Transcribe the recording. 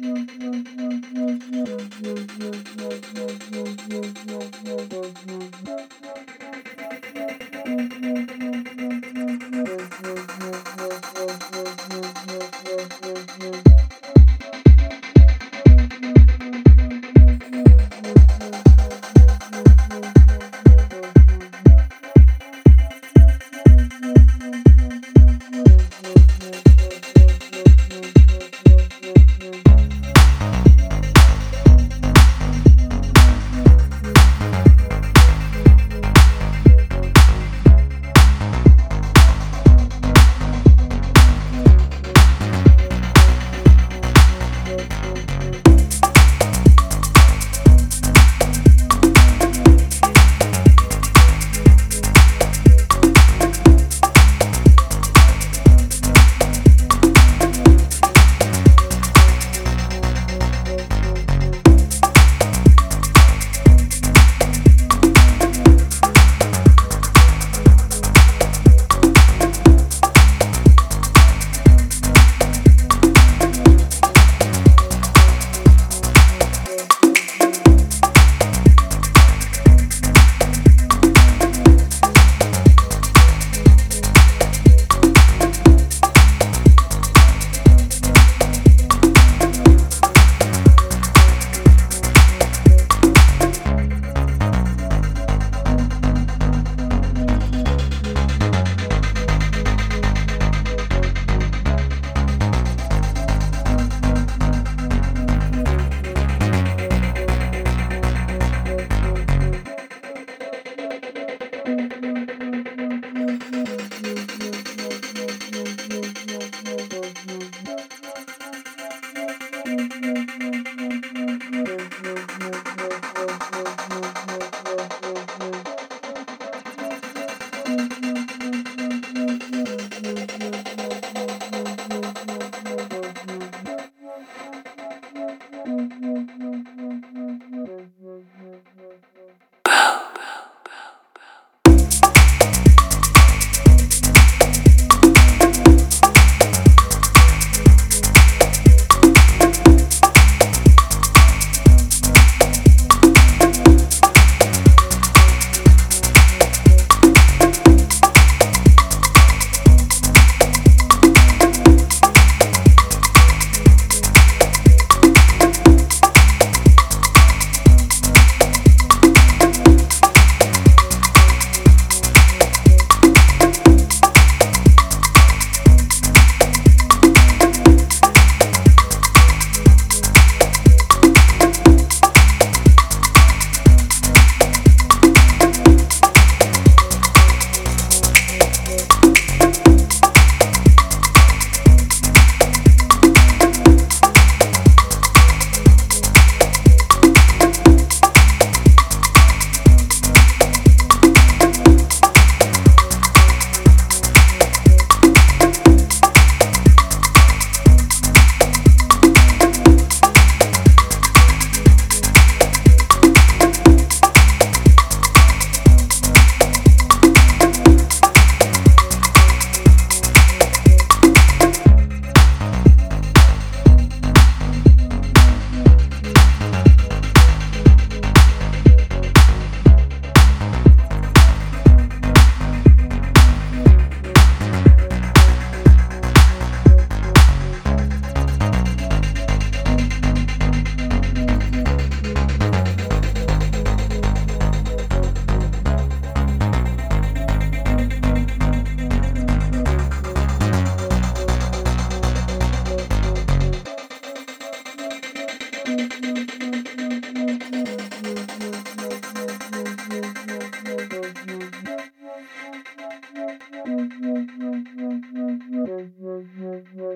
Thank you. Thank you. Boom.